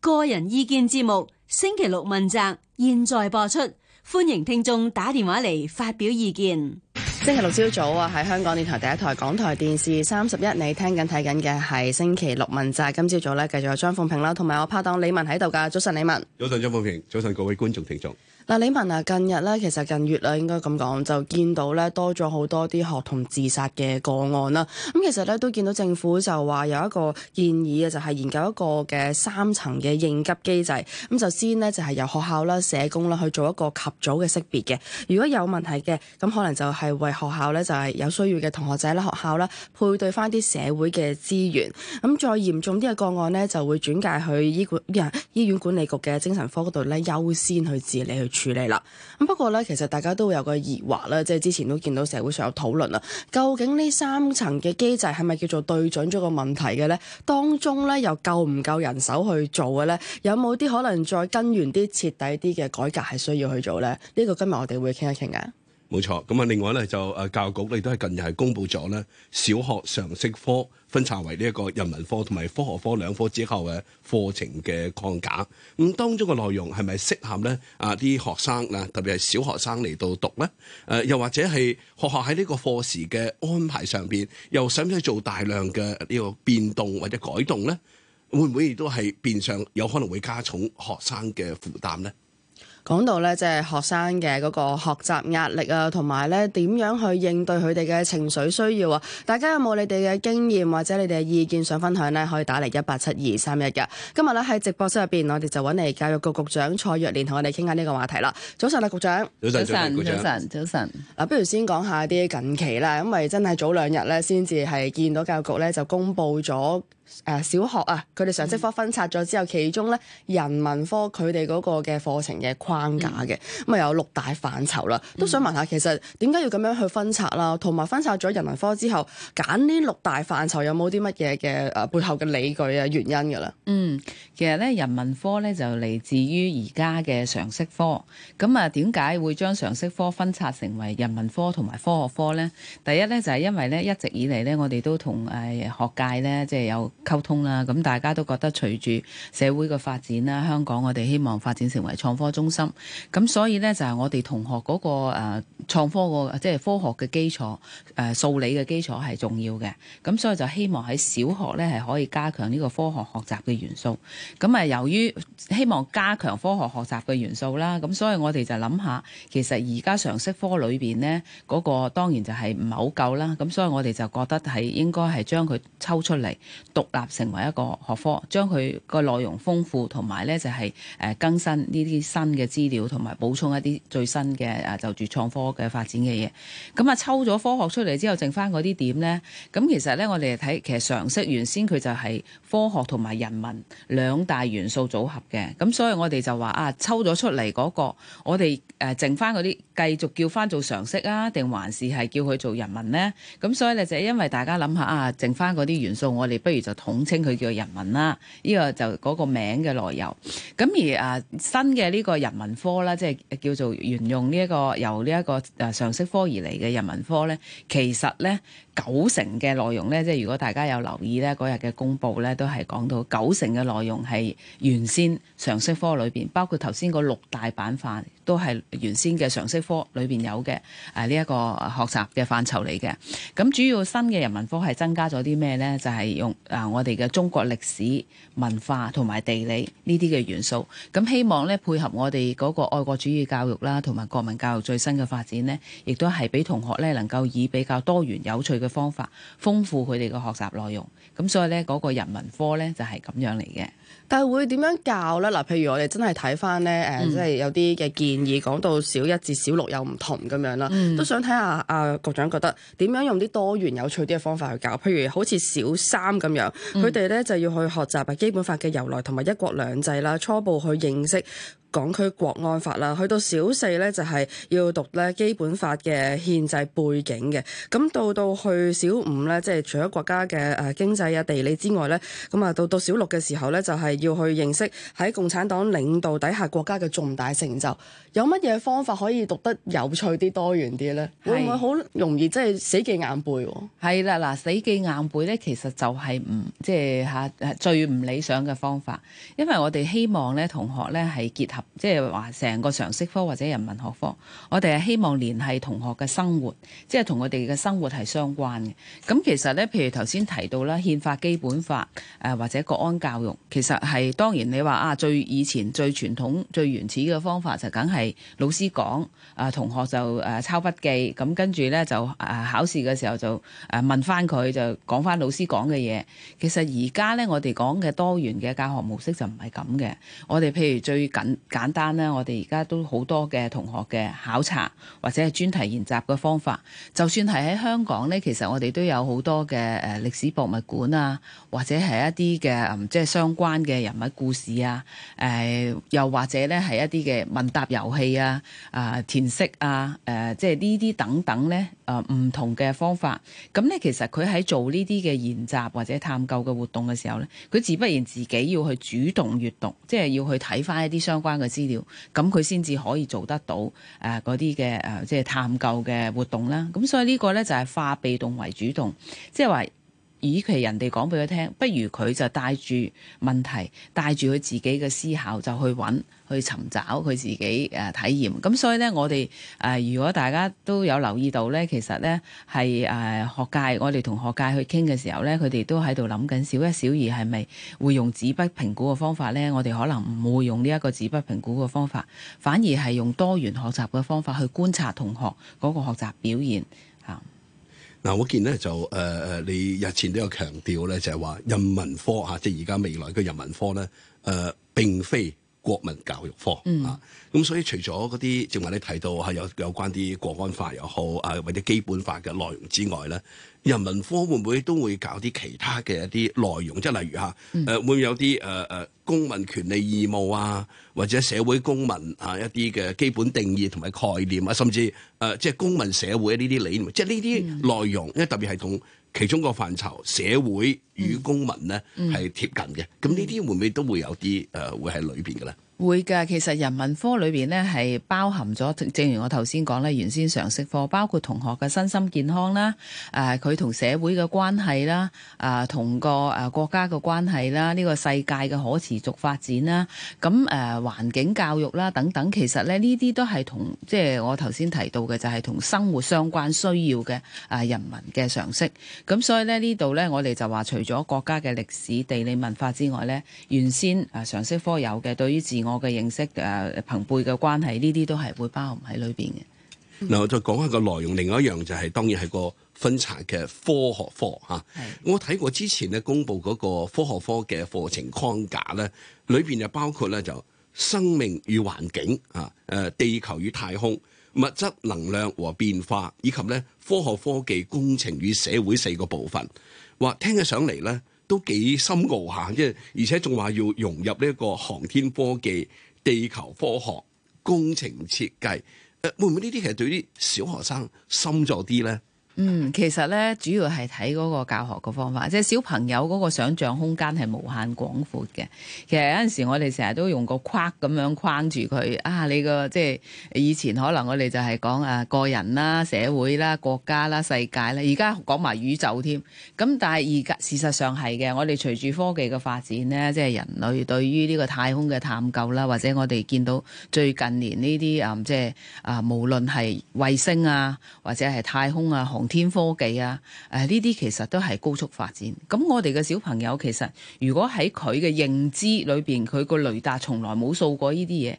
個人意見節目星期六問責，現在播出，歡迎聽眾打電話嚟發表意見。星期六朝早啊，喺香港電台第一台、港台電視三十一，你聽緊睇緊嘅係星期六問責。今朝早咧，繼續有張鳳平啦，同埋我拍檔李文喺度噶。早晨，李文。早晨，張鳳平。早晨，各位觀眾聽眾。嗱，李文啊，近日咧，其實近月啦，應該咁講就見到咧多咗好多啲學童自殺嘅個案啦。咁其實咧都見到政府就話有一個建議嘅，就係研究一個嘅三層嘅應急機制。咁就先呢，就係由學校啦、社工啦去做一個及早嘅識別嘅。如果有問題嘅，咁可能就係為學校咧就係、是、有需要嘅同學仔啦、學校啦配對返啲社會嘅資源。咁再嚴重啲嘅個案呢，就會轉介去醫管醫院管理局嘅精神科嗰度咧優先去治理去。處理啦，咁不過咧，其實大家都會有個疑惑啦。即係之前都見到社會上有討論啦，究竟呢三層嘅機制係咪叫做對準咗個問題嘅咧？當中咧又夠唔夠人手去做嘅咧？有冇啲可能再根源啲徹底啲嘅改革係需要去做咧？呢、這個今日我哋會傾一傾嘅。冇錯，咁啊，另外咧就誒教育局亦都係近日係公布咗咧，小學常識科分拆為呢一個人文科同埋科學科兩科之後嘅課程嘅框架，咁、嗯、當中嘅內容係咪適合咧啊啲學生啊，特別係小學生嚟到讀咧？誒、啊、又或者係學校喺呢個課時嘅安排上邊，又使唔使做大量嘅呢個變動或者改動咧？會唔會亦都係變相有可能會加重學生嘅負擔咧？講到咧，即係學生嘅嗰個學習壓力啊，同埋咧點樣去應對佢哋嘅情緒需要啊？大家有冇你哋嘅經驗或者你哋嘅意見想分享咧？可以打嚟一八七二三一嘅。今日咧喺直播室入邊，我哋就揾嚟教育局局長蔡若蓮同我哋傾下呢個話題啦。早晨啊，局長。早晨，早晨，早晨。嗱，不如先講下啲近期啦，因為真係早兩日咧，先至係見到教育局咧就公布咗。誒小學啊，佢哋常識科分拆咗之後，其中咧人文科佢哋嗰個嘅課程嘅框架嘅，咁啊、嗯、有六大範疇啦。嗯、都想問下，其實點解要咁樣去分拆啦？同埋分拆咗人文科之後，揀呢六大範疇有冇啲乜嘢嘅誒背後嘅理據啊原因㗎啦？嗯，其實咧人文科咧就嚟自於而家嘅常識科。咁啊點解會將常識科分拆成為人文科同埋科學科咧？第一咧就係、是、因為咧一直以嚟咧我哋都同誒學界咧即係有。溝通啦，咁大家都覺得隨住社會嘅發展啦，香港我哋希望發展成為創科中心，咁所以呢，就係我哋同學嗰個誒創科個即係科學嘅基礎誒數理嘅基礎係重要嘅，咁所以就希望喺小學呢，係可以加強呢個科學學習嘅元素。咁啊由於希望加強科學學習嘅元素啦，咁所以我哋就諗下其實而家常識科裏邊呢，嗰個當然就係唔係好夠啦，咁所以我哋就覺得係應該係將佢抽出嚟讀。立成為一個學科，將佢個內容豐富同埋咧就係誒更新呢啲新嘅資料，同埋補充一啲最新嘅誒就住創科嘅發展嘅嘢。咁、嗯、啊抽咗科學出嚟之後，剩翻嗰啲點咧？咁、嗯、其實咧，我哋睇其實常識原先佢就係科學同埋人文兩大元素組合嘅。咁、嗯、所以我哋就話啊，抽咗出嚟嗰、嗰個，我哋誒剩翻嗰啲繼續叫翻做常識啊，定還是係叫佢做人文咧？咁、嗯、所以咧就係因為大家諗下啊，剩翻嗰啲元素，我哋不如就，統稱佢叫人文啦，呢、這個就嗰個名嘅內由。咁而啊新嘅呢個人文科啦，即係叫做沿用呢、這、一個由呢一個啊常識科而嚟嘅人文科咧，其實咧九成嘅內容咧，即係如果大家有留意咧嗰日嘅公佈咧，都係講到九成嘅內容係原先常識科裏邊，包括頭先嗰六大板塊。都係原先嘅常識科裏邊有嘅，誒呢一個學習嘅範疇嚟嘅。咁、啊、主要新嘅人文科係增加咗啲咩咧？就係、是，用啊我哋嘅中國歷史文化同埋地理呢啲嘅元素。咁、啊、希望咧配合我哋嗰個愛國主義教育啦，同埋國民教育最新嘅發展咧，亦都係俾同學咧能夠以比較多元有趣嘅方法豐富佢哋嘅學習內容。咁、啊、所以咧嗰、那個人文科咧就係、是、咁樣嚟嘅。但係會點樣教咧？嗱、啊，譬如我哋真係睇翻咧誒即係有啲嘅建議。呃嗯而講到小一至小六又唔同咁樣啦，嗯、都想睇下阿局長覺得點樣用啲多元有趣啲嘅方法去教，譬如好似小三咁樣，佢哋咧就要去學習啊基本法嘅由來同埋一國兩制啦，初步去認識。港區國安法啦，去到小四咧就係要讀咧基本法嘅憲制背景嘅，咁到到去小五咧，即係除咗國家嘅誒經濟啊、地理之外咧，咁啊到到小六嘅時候咧，就係要去認識喺共產黨領導底下國家嘅重大成就。有乜嘢方法可以讀得有趣啲、多元啲咧？會唔會好容易即係死記硬背？係啦，嗱，死記硬背咧，其實就係唔即係嚇最唔理想嘅方法，因為我哋希望咧同學咧係結即係話成個常識科或者人文學科，我哋係希望聯繫同學嘅生活，即係同我哋嘅生活係相關嘅。咁其實咧，譬如頭先提到啦，憲法基本法誒或者國安教育，其實係當然你話啊最以前最傳統最原始嘅方法就梗係老師講，啊同學就誒抄筆記，咁跟住咧就誒考試嘅時候就誒問翻佢就講翻老師講嘅嘢。其實而家咧我哋講嘅多元嘅教學模式就唔係咁嘅，我哋譬如最緊。簡單咧，我哋而家都好多嘅同學嘅考察或者係專題研習嘅方法。就算係喺香港咧，其實我哋都有好多嘅誒歷史博物館啊，或者係一啲嘅即係相關嘅人物故事啊。誒、呃、又或者咧係一啲嘅問答遊戲啊、啊、呃、填色啊、誒、呃、即係呢啲等等咧。誒、呃、唔同嘅方法，咁咧其實佢喺做呢啲嘅研習或者探究嘅活動嘅時候咧，佢自不然自己要去主動閱讀，即係要去睇返一啲相關嘅資料，咁佢先至可以做得到誒嗰啲嘅誒，即係探究嘅活動啦。咁所以呢個咧就係化被動為主動，即係話。與其人哋講俾佢聽，不如佢就帶住問題，帶住佢自己嘅思考，就去揾，去尋找佢自己誒體驗。咁所以呢，我哋誒、呃、如果大家都有留意到呢，其實呢係誒、呃、學界，我哋同學界去傾嘅時候呢，佢哋都喺度諗緊小一、小二係咪會用紙筆評估嘅方法呢？我哋可能唔會用呢一個紙筆評估嘅方法，反而係用多元學習嘅方法去觀察同學嗰個學習表現。嗱，我見咧就誒誒，你日前都有強調咧，就係話人文科嚇，即係而家未來嘅人文科咧，誒、呃、並非。國民教育科、嗯、啊，咁所以除咗嗰啲，正話你提到係有有關啲國安法又好啊，或者基本法嘅內容之外咧，人文科會唔會都會搞啲其他嘅一啲內容，即係例如吓，誒、啊、會唔會有啲誒誒公民權利義務啊，或者社會公民啊一啲嘅基本定義同埋概念啊，甚至誒、呃、即係公民社會呢啲理念，嗯、即係呢啲內容，因為特別係同。其中個範疇，社會與公民咧係貼近嘅，咁呢啲會唔會都有、呃、會有啲誒會喺裏邊嘅咧？會㗎，其實人文科裏邊呢係包含咗，正如我頭先講咧，原先常識科包括同學嘅身心健康啦，誒佢同社會嘅關係啦，啊同個誒國家嘅關係啦，呢、這個世界嘅可持續發展啦，咁誒環境教育啦等等，其實咧呢啲都係同即係我頭先提到嘅，就係、是、同生活相關需要嘅啊人文嘅常識。咁、呃、所以咧呢度咧，我哋就話除咗國家嘅歷史、地理、文化之外咧，原先啊常識科有嘅對於自我我嘅認識誒，朋輩嘅關係呢啲都係會包含喺裏邊嘅。嗱、嗯，我再講下個內容。另外一樣就係、是，當然係個分拆嘅科學科吓。啊、是我睇過之前咧公布嗰個科學科嘅課程框架咧，裏邊就包括咧就生命與環境啊，誒，地球與太空、物質能量和變化，以及咧科學科技工程與社會四個部分。話聽起上嚟咧。都幾深奧下，即係而且仲話要融入呢個航天科技、地球科學、工程設計，誒、呃、會唔會呢啲其實對啲小學生深咗啲咧？嗯，其實咧，主要係睇個教學嘅方法，即係小朋友個想象空間係無限廣闊嘅。其實有陣時我哋成日都用個框咁樣框住佢。啊，你個即係以前可能我哋就係講啊個人啦、社會啦、國家啦、世界啦，而家講埋宇宙添。咁但係而家事實上係嘅，我哋隨住科技嘅發展咧，即係人類對於呢個太空嘅探究啦，或者我哋見到最近年呢啲啊，即係啊，無論係衛星啊，或者係太空啊，天科技啊，誒呢啲其實都係高速發展，咁我哋嘅小朋友其實如果喺佢嘅認知裏邊，佢個雷達從來冇掃過呢啲嘢。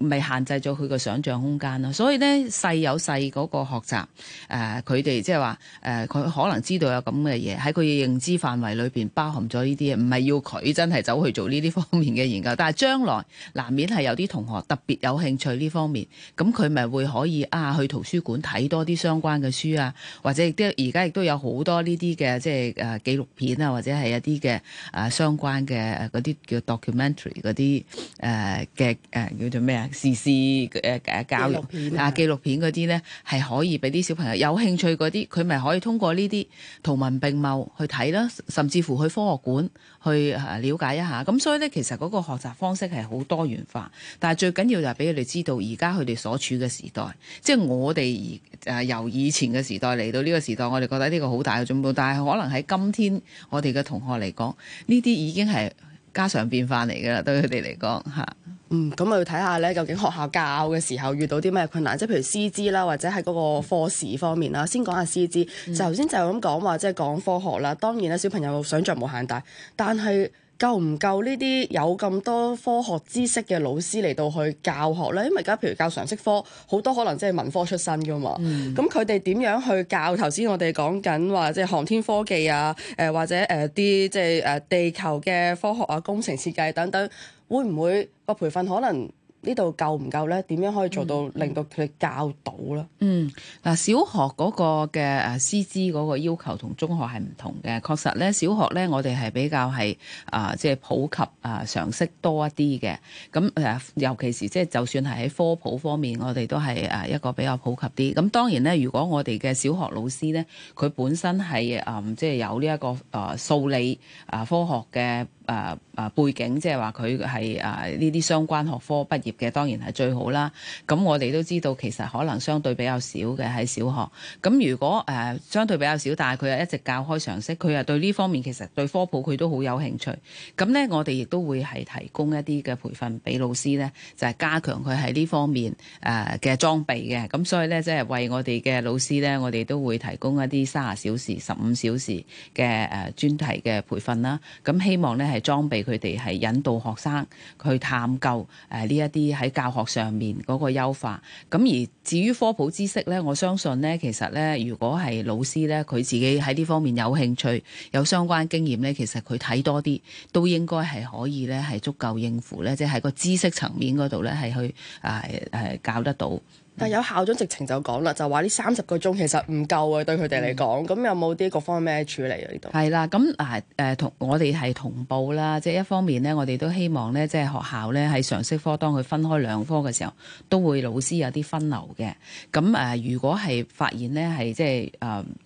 咪限制咗佢個想像空間咯，所以咧細有細嗰個學習，誒佢哋即係話誒佢可能知道有咁嘅嘢，喺佢嘅認知範圍裏邊包含咗呢啲嘢，唔係要佢真係走去做呢啲方面嘅研究。但係將來難免係有啲同學特別有興趣呢方面，咁佢咪會可以啊去圖書館睇多啲相關嘅書啊，或者亦都而家亦都有好多呢啲嘅即係誒、呃、紀錄片啊，或者係一啲嘅誒相關嘅嗰啲叫 documentary 嗰啲誒嘅誒叫做咩啊？呃時事嘅嘅、啊、教育片啊，紀錄片嗰啲咧係可以俾啲小朋友有興趣嗰啲，佢咪可以通過呢啲圖文並茂去睇啦，甚至乎去科學館去了解一下。咁所以咧，其實嗰個學習方式係好多元化。但係最緊要就係俾佢哋知道，而家佢哋所處嘅時代，即係我哋而由以前嘅時代嚟到呢個時代，我哋覺得呢個好大嘅進步。但係可能喺今天我哋嘅同學嚟講，呢啲已經係。家常便飯嚟噶啦，對佢哋嚟講吓。嗯，咁我要睇下咧，究竟學校教嘅時候遇到啲咩困難？即係譬如師資啦，或者係嗰個課時方面啦。嗯、先講下師資，就頭先就咁講話，即係講科學啦。當然咧，小朋友想象無限大，但係。夠唔夠呢啲有咁多科學知識嘅老師嚟到去教學咧？因為而家譬如教常識科，好多可能即係文科出身㗎嘛。咁佢哋點樣去教？頭先我哋講緊話，即係航天科技啊，誒、呃、或者誒啲即係誒地球嘅科學啊、工程設計等等，會唔會個培訓可能？夠夠呢度夠唔夠咧？點樣可以做到令到佢教到咧？嗯，嗱，小學嗰個嘅誒師資嗰個要求同中學係唔同嘅。確實咧，小學咧我哋係比較係啊，即係普及啊常識多一啲嘅。咁誒，尤其是即係就算係喺科普方面，我哋都係誒一個比較普及啲。咁當然咧，如果我哋嘅小學老師咧，佢本身係誒即係有呢一個誒數理啊科學嘅。誒誒、啊啊、背景，即係話佢係誒呢啲相關學科畢業嘅，當然係最好啦。咁我哋都知道，其實可能相對比較少嘅喺小學。咁如果誒、啊、相對比較少，但係佢係一直教開常識，佢又對呢方面其實對科普佢都好有興趣。咁呢，我哋亦都會係提供一啲嘅培訓俾老師呢就係、是、加強佢喺呢方面誒嘅、啊、裝備嘅。咁所以呢，即、就、係、是、為我哋嘅老師呢，我哋都會提供一啲卅小時、十五小時嘅誒、啊、專題嘅培訓啦。咁希望呢。係。裝備佢哋係引導學生去探究誒呢一啲喺教學上面嗰個優化，咁而至於科普知識咧，我相信咧，其實咧，如果係老師咧，佢自己喺呢方面有興趣，有相關經驗咧，其實佢睇多啲都應該係可以咧，係足夠應付咧，即係喺個知識層面嗰度咧係去誒誒教得到。但有校長直情就講啦，就話呢三十個鐘其實唔夠啊對佢哋嚟講，咁、嗯、有冇啲各方面咩處理啊？呢度係啦，咁誒誒同我哋係同步啦，即係一方面咧，我哋都希望咧，即係學校咧喺常識科當佢分開兩科嘅時候，都會老師有啲分流嘅。咁誒，如果係發現咧係即係誒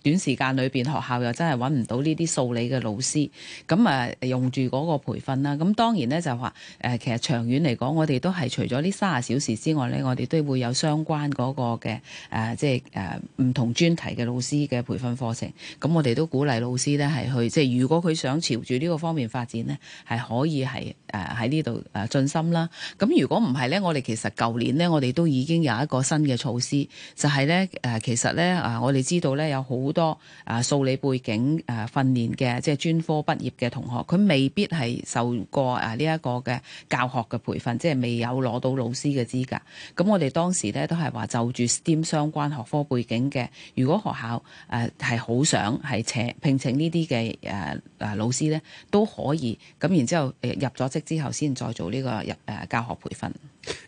短時間裏邊學校又真係揾唔到呢啲數理嘅老師，咁誒用住嗰個培訓啦。咁當然咧就話誒，其實長遠嚟講，我哋都係除咗呢三十小時之外咧，我哋都會有相關。嗰個嘅誒、呃，即係誒唔同專題嘅老師嘅培訓課程，咁我哋都鼓勵老師咧係去，即係如果佢想朝住呢個方面發展咧，係可以係。誒喺呢度誒盡心啦，咁如果唔係咧，我哋其實舊年咧，我哋都已經有一個新嘅措施，就係咧誒，其實咧啊，我哋知道咧有好多啊數理背景誒訓練嘅即係專科畢業嘅同學，佢未必係受過誒呢一個嘅教學嘅培訓，即係未有攞到老師嘅資格。咁我哋當時咧都係話就住 STEM 相關學科背景嘅，如果學校誒係好想係請聘請呢啲嘅誒誒老師咧，都可以。咁然之後誒入咗職。之後先再做呢、這個入誒、呃、教學培訓，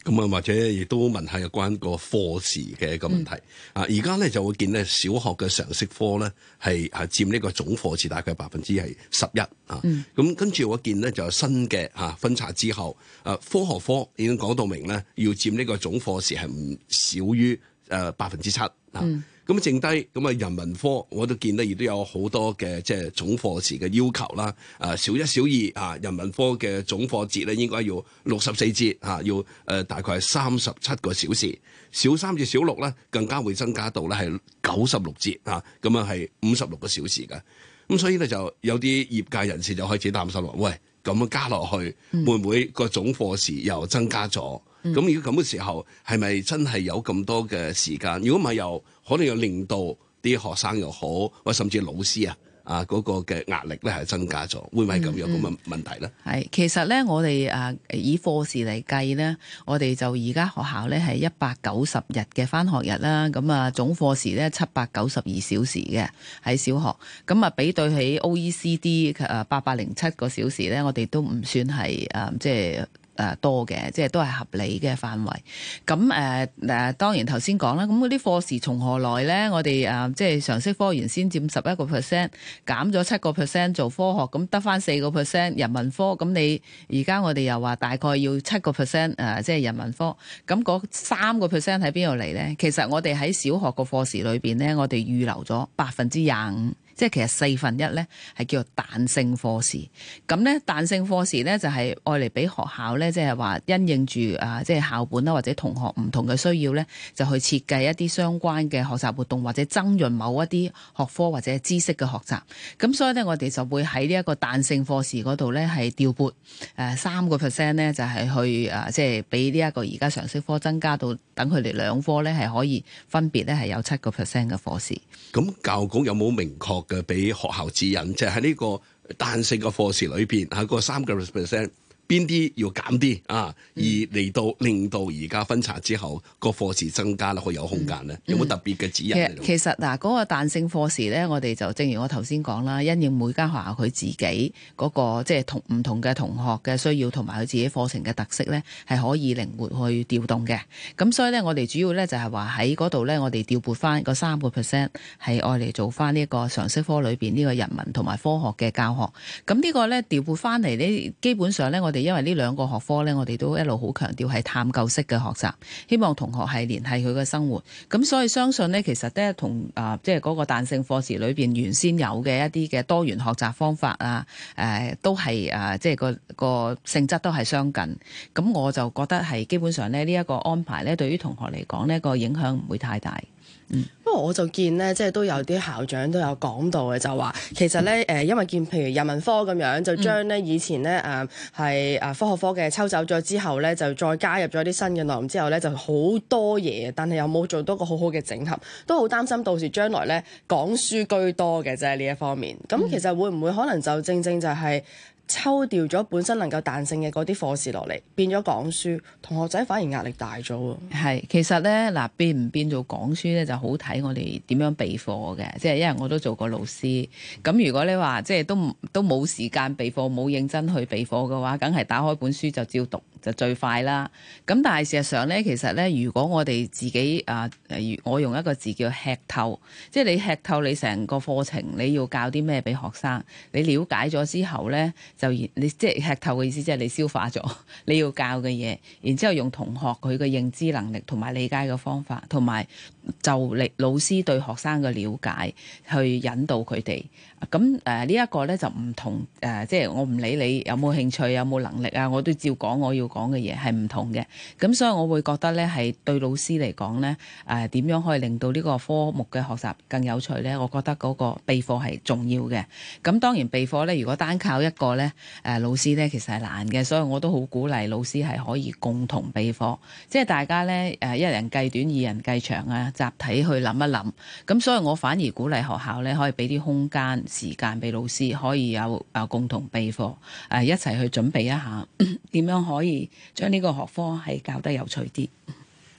咁啊或者亦都問下有關個課時嘅一個問題、嗯、啊！而家咧就會見咧小學嘅常識科咧係啊佔呢個總課時大概百分之係十一啊，咁、嗯、跟住我見咧就有新嘅啊分拆之後誒、啊、科學科已經講到明咧，要佔呢個總課時係唔少於誒百分之七啊。嗯咁剩低咁啊，人文科我都見咧，亦都有好多嘅即係總課時嘅要求啦。啊，小一、小二啊，人文科嘅總課節咧應該要六十四節吓，要誒大概係三十七個小時。小三至小六咧更加會增加到咧係九十六節吓，咁啊係五十六個小時嘅。咁所以咧就有啲業界人士就開始擔心咯，喂，咁樣加落去會唔會個總課時又增加咗？咁如果咁嘅時候，係咪真係有咁多嘅時間？如果唔係，又可能又令到啲學生又好，或甚至老師啊，啊嗰、那個嘅壓力咧係增加咗，會唔會咁樣咁嘅問題咧？係、嗯嗯、其實咧，我哋誒、啊、以課時嚟計咧，我哋就而家學校咧係一百九十日嘅返學日啦。咁啊總課時咧七百九十二小時嘅喺小學。咁啊比對起 OECD 嘅八百零七個小時咧，我哋都唔算係誒、啊、即係。誒、呃、多嘅，即係都係合理嘅範圍。咁誒誒，當然頭先講啦。咁嗰啲課時從何來呢？我哋誒、呃、即係常識科原先佔十一個 percent，減咗七個 percent 做科學，咁得翻四個 percent 人文科。咁你而家我哋又話大概要七個 percent 誒，即係人文科。咁嗰三個 percent 喺邊度嚟呢？其實我哋喺小學嘅課時裏邊呢，我哋預留咗百分之廿五。即係其實四分一咧係叫做彈性課時，咁咧彈性課時咧就係愛嚟俾學校咧，即係話因應住啊，即係校本啦或者同學唔同嘅需要咧，就去設計一啲相關嘅學習活動或者增潤某一啲學科或者知識嘅學習。咁所以咧，我哋就會喺呢一個彈性課時嗰度咧係調撥誒三個 percent 咧，就係去誒即係俾呢一個而家常識科增加到等佢哋兩科咧係可以分別咧係有七個 percent 嘅課時。咁教育局有冇明確？嘅俾學校指引，即係喺呢個彈性嘅課時裏邊，喺、嗰個三個 percent。邊啲要減啲啊？而嚟到令到而家分拆之後，個課時增加咧，去有空間咧？有冇特別嘅指引？嗯嗯嗯、其實嗱，嗰、那個彈性課時咧，我哋就正如我頭先講啦，因應每間學校佢自己嗰、那個即係、就是、同唔同嘅同學嘅需要，同埋佢自己課程嘅特色咧，係可以靈活去調動嘅。咁所以咧，我哋主要咧就係話喺嗰度咧，我哋調撥翻個三個 percent 係愛嚟做翻呢一個常識科裏邊呢個人文同埋科學嘅教學。咁呢個咧調撥翻嚟呢，基本上咧我。因為呢兩個學科呢，我哋都一路好強調係探究式嘅學習，希望同學係聯繫佢嘅生活。咁所以相信呢，其實呢同誒即係嗰個彈性課時裏邊原先有嘅一啲嘅多元學習方法啊，誒、呃、都係誒即係個個，個性質都係相近。咁我就覺得係基本上呢，呢、呢、一個安排呢，對於同學嚟講呢、呢個影響唔會太大。不過、嗯、我就見咧，即係都有啲校長都有講到嘅，就話其實咧，誒，因為見譬如人文科咁樣，就將咧以前咧誒係誒科學科嘅抽走咗之後咧，就再加入咗啲新嘅內容之後咧，就好多嘢，但係又冇做到個好好嘅整合，都好擔心到時將來咧講書居多嘅啫呢一方面。咁其實會唔會可能就正正就係、是？抽掉咗本身能夠彈性嘅嗰啲課時落嚟，變咗講書，同學仔反而壓力大咗喎。係，其實咧嗱，變唔變做講書咧，就好睇我哋點樣備課嘅。即係因為我都做過老師，咁如果你話即係都都冇時間備課，冇認真去備課嘅話，梗係打開本書就照讀。就最快啦，咁但係事實上咧，其實咧，如果我哋自己啊、呃，我用一個字叫吃透，即係你吃透你成個課程，你要教啲咩俾學生，你了解咗之後咧，就你即係吃透嘅意思，即係你消化咗你要教嘅嘢，然之後用同學佢嘅認知能力同埋理解嘅方法，同埋。就嚟老師對學生嘅了解去引導佢哋，咁誒呢一個咧就唔同誒，即係我唔理你有冇興趣，有冇能力啊，我都照講我要講嘅嘢，係唔同嘅。咁所以我會覺得咧，係對老師嚟講咧，誒點樣可以令到呢個科目嘅學習更有趣咧？我覺得嗰個備課係重要嘅。咁當然備課咧，如果單靠一個咧誒老師咧，其實係難嘅，所以我都好鼓勵老師係可以共同備課，即係大家咧誒一人計短，二人計長啊！集體去諗一諗，咁所以我反而鼓勵學校咧，可以俾啲空間、時間俾老師，可以有誒共同備課，誒一齊去準備一下，點 樣可以將呢個學科係教得有趣啲。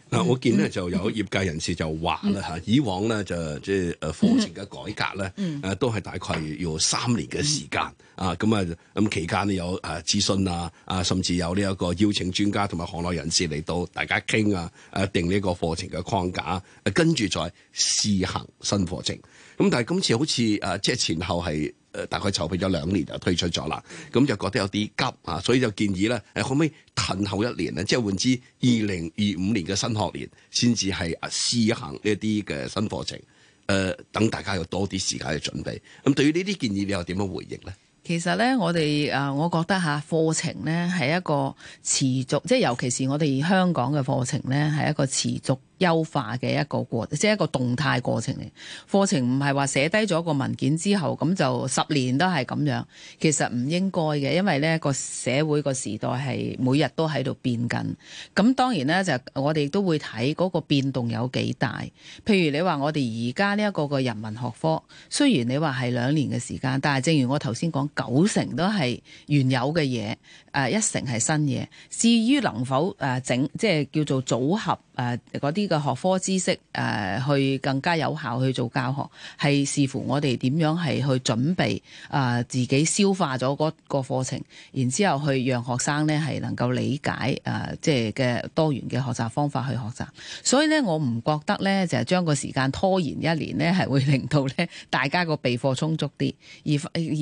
嗱，我見咧就有業界人士就話啦嚇，mm hmm。以往咧就即係誒課程嘅改革咧，誒都係大概要三年嘅時間，mm hmm。啊，咁啊咁期間咧有誒諮詢啊，啊甚至有呢一個邀請專家同埋行內人士嚟到大家傾啊，誒定呢一個課程嘅框架，跟、啊、住再試行新課程。咁但係今次好似誒、呃，即係前後係誒、呃、大概籌備咗兩年就推出咗啦，咁就覺得有啲急啊，所以就建議咧誒、啊，可唔可以褪後一年咧、啊？即係換之二零二五年嘅新學年先至係試行呢一啲嘅新課程，誒、呃、等大家有多啲時間去準備。咁、啊、對於呢啲建議，你又點樣回應咧？其實咧，我哋誒、呃，我覺得吓課程咧係一個持續，即係尤其是我哋香港嘅課程咧係一個持續。優化嘅一個過，即係一個動態過程嚟，課程唔係話寫低咗個文件之後，咁就十年都係咁樣，其實唔應該嘅，因為呢個社會個時代係每日都喺度變緊，咁當然咧，就我哋都會睇嗰個變動有幾大。譬如你話我哋而家呢一個個人文學科，雖然你話係兩年嘅時間，但係正如我頭先講，九成都係原有嘅嘢，誒一成係新嘢。至於能否誒整，即係叫做組合。誒嗰啲嘅學科知識誒、啊，去更加有效去做教學，係視乎我哋點樣係去準備啊，自己消化咗個課程，然之後去讓學生咧係能夠理解誒、啊，即係嘅多元嘅學習方法去學習。所以咧，我唔覺得咧，就係將個時間拖延一年咧，係會令到咧大家個備課充足啲，而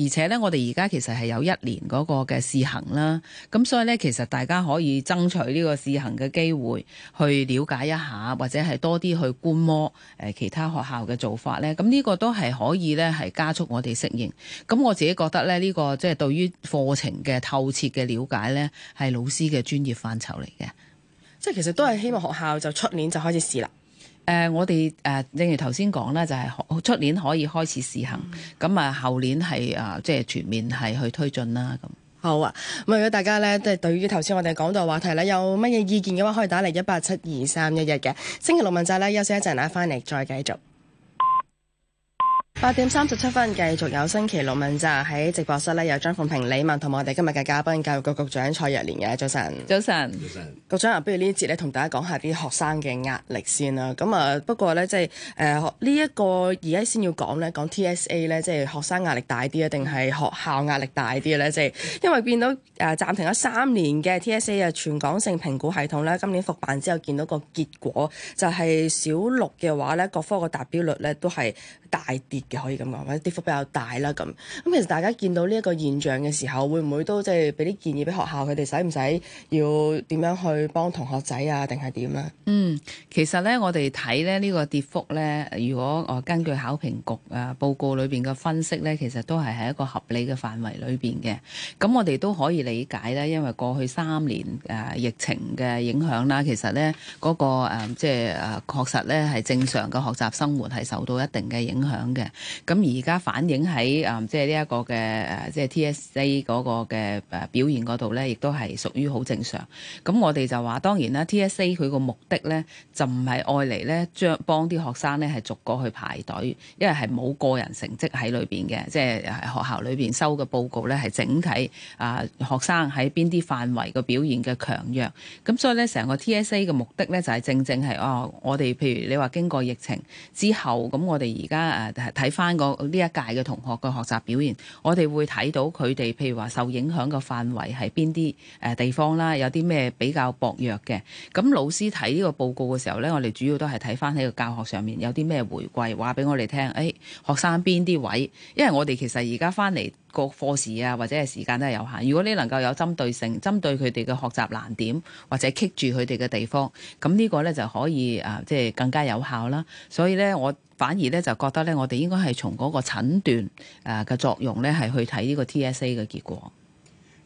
而且咧，我哋而家其實係有一年嗰個嘅試行啦。咁所以咧，其實大家可以爭取呢個試行嘅機會去了解一下，或者係多啲去觀摩誒，其他學校嘅做法咧，咁呢個都係可以咧，係加速我哋適應。咁我自己覺得咧，呢、這個即係對於課程嘅透徹嘅了解咧，係老師嘅專業範疇嚟嘅。即係其實都係希望學校就出年就開始試啦。誒、呃，我哋誒、呃，正如頭先講咧，就係、是、出年可以開始試行，咁啊、嗯嗯，後年係啊，即、呃、係全面係去推進啦咁。好啊！咁、嗯、如果大家咧，即係對於頭先我哋講到話題咧，有乜嘢意見嘅話，可以打嚟一八七二三一一嘅。星期六問責咧，休息一陣，翻嚟再繼續。八點三十七分，繼續有星期六問責喺直播室咧，有張鳳平、李文同埋我哋今日嘅嘉賓教育局,局局長蔡若蓮嘅早晨，早晨，早晨局長啊，不如一節呢一節咧，同大家講下啲學生嘅壓力先啦。咁啊，不過咧，即係誒，呃這個、呢一個而家先要講咧，講 T S A 咧，即、就、係、是、學生壓力大啲啊，定係學校壓力大啲咧？即、就、係、是、因為變到誒暫、呃、停咗三年嘅 T S A 嘅全港性評估系統咧，今年復辦之後見到個結果，就係、是、小六嘅話咧，各科嘅達標率咧都係大跌。亦可以咁講，或者跌幅比較大啦咁。咁其實大家見到呢一個現象嘅時候，會唔會都即係俾啲建議俾學校佢哋，使唔使要點樣去幫同學仔啊，定係點咧？嗯，其實咧，我哋睇咧呢個跌幅咧，如果我、呃、根據考評局啊、呃、報告裏邊嘅分析咧，其實都係喺一個合理嘅範圍裏邊嘅。咁、嗯、我哋都可以理解啦，因為過去三年誒、呃、疫情嘅影響啦，其實咧嗰、嗰個、呃、即係誒確實咧係正常嘅學習生活係受到一定嘅影響嘅。咁而家反映喺誒、嗯、即係呢一個嘅誒即係 TSA 嗰個嘅誒表現嗰度咧，亦都係屬於好正常。咁我哋就話當然啦，TSA 佢個目的咧就唔係愛嚟咧，將幫啲學生咧係逐個去排隊，因為係冇個人成績喺裏邊嘅，即係學校裏邊收嘅報告咧係整體啊學生喺邊啲範圍嘅表現嘅強弱。咁所以咧成個 TSA 嘅目的咧就係、是、正正係哦，我哋譬如你話經過疫情之後，咁我哋而家誒睇。啊睇翻個呢一屆嘅同學嘅學習表現，我哋會睇到佢哋譬如話受影響嘅範圍係邊啲誒地方啦，有啲咩比較薄弱嘅。咁老師睇呢個報告嘅時候呢，我哋主要都係睇翻喺個教學上面有啲咩回饋，話俾我哋聽。誒、哎，學生邊啲位？因為我哋其實而家翻嚟。個課時啊，或者係時間都係有限。如果你能夠有針對性，針對佢哋嘅學習難點或者棘住佢哋嘅地方，咁呢個呢就可以啊，即、呃、係、就是、更加有效啦。所以呢，我反而呢，就覺得呢，我哋應該係從嗰個診斷誒嘅作用呢，係去睇呢個 TSA 嘅結果。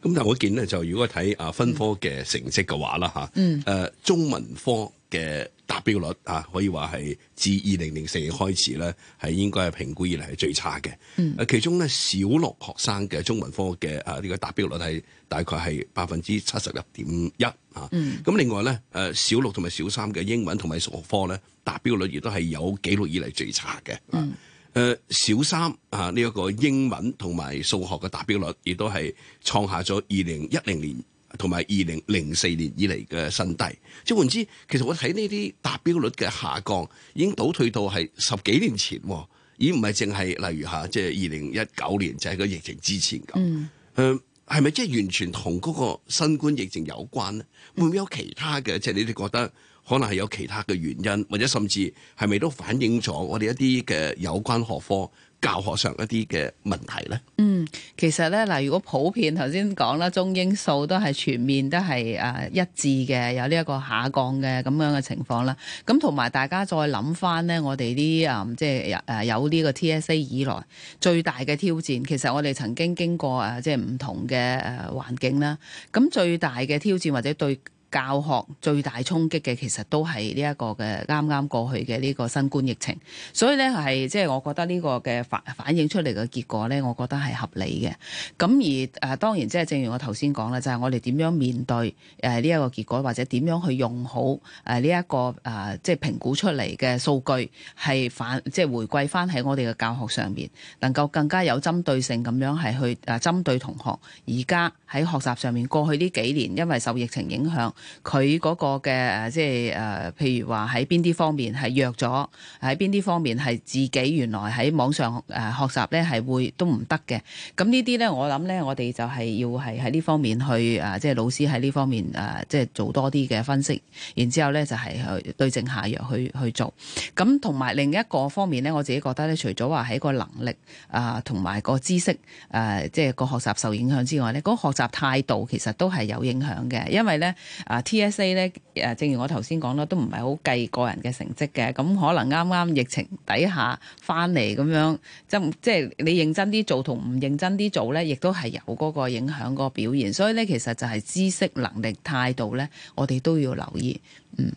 咁但我見呢，就、嗯、如果睇啊分科嘅成績嘅話啦，吓、呃，嗯，誒中文科嘅。達標率啊，可以話係自二零零四年開始咧，係應該係評估以嚟係最差嘅。嗯，啊，其中咧小六學生嘅中文科嘅啊呢個達標率係大概係百分之七十一點一啊。嗯，咁另外咧誒小六同埋小三嘅英文同埋數學科咧，達標率亦都係有紀錄以嚟最差嘅。嗯，誒、呃、小三啊呢一個英文同埋數學嘅達標率，亦都係創下咗二零一零年。同埋二零零四年以嚟嘅新低，即係換之，其實我睇呢啲達標率嘅下降，已經倒退到係十幾年前，而唔係淨係例如吓，即係二零一九年就係個疫情之前咁。誒、嗯，係咪即係完全同嗰個新冠疫情有關咧？會唔會有其他嘅？即係你哋覺得可能係有其他嘅原因，或者甚至係咪都反映咗我哋一啲嘅有關學科？教學上一啲嘅問題咧，嗯，其實咧嗱，如果普遍頭先講啦，中英數都係全面都係誒一致嘅，有呢一個下降嘅咁樣嘅情況啦。咁同埋大家再諗翻咧，我哋啲誒即係誒有呢個 TSA 以來最大嘅挑戰，其實我哋曾經經過誒即係唔同嘅誒環境啦。咁最大嘅挑戰或者對教學最大衝擊嘅其實都係呢一個嘅啱啱過去嘅呢個新冠疫情，所以咧係即係我覺得呢個嘅反反映出嚟嘅結果咧，我覺得係合理嘅。咁而誒、啊、當然即係正如我頭先講啦，就係、是、我哋點樣面對誒呢一個結果，或者點樣去用好誒呢一個誒即係評估出嚟嘅數據，係反即係、就是、回歸翻喺我哋嘅教學上面，能夠更加有針對性咁樣係去誒針對同學而家喺學習上面過去呢幾年因為受疫情影響。佢嗰個嘅誒，即係誒，譬如話喺邊啲方面係弱咗，喺邊啲方面係自己原來喺網上誒學習咧係會都唔得嘅。咁呢啲咧，我諗咧，我哋就係要係喺呢方面去誒，即係老師喺呢方面誒，即係做多啲嘅分析，然之後咧就係、是、去對症下藥去去做。咁同埋另一個方面咧，我自己覺得咧，除咗話喺個能力啊同埋個知識誒、呃，即係、個學習受影響之外咧，嗰學習態度其實都係有影響嘅，因為咧。啊，TSA 咧，誒，正如我頭先講啦，都唔係好計個人嘅成績嘅，咁可能啱啱疫情底下翻嚟咁樣，即即係你認真啲做同唔認真啲做咧，亦都係有嗰個影響嗰個表現，所以咧其實就係知識、能力、態度咧，我哋都要留意，嗯。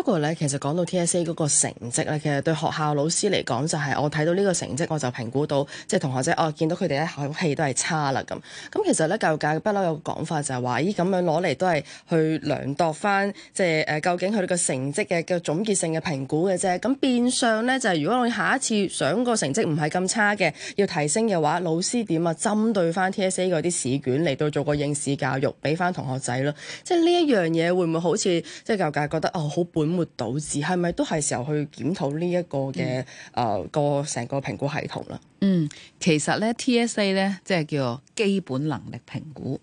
不過咧，其實講到 TSA 嗰個成績咧，其實對學校老師嚟講就係、是、我睇到呢個成績，我就評估到即係同學仔哦，見到佢哋一口氣都係差啦咁。咁其實咧，教育界不嬲有講法就係、是、話，咦，咁樣攞嚟都係去量度翻即係誒、啊，究竟佢哋個成績嘅個總結性嘅評估嘅啫。咁變相咧就係、是，如果我下一次想個成績唔係咁差嘅，要提升嘅話，老師點啊，針對翻 TSA 嗰啲試卷嚟到做個應試教育，俾翻同學仔咯。即係呢一樣嘢會唔會好似即係教育界覺得哦好本？沒導致係咪都係時候去檢討呢一個嘅誒個成個評估系統啦？嗯，其實咧 TSA 咧即係叫基本能力評估，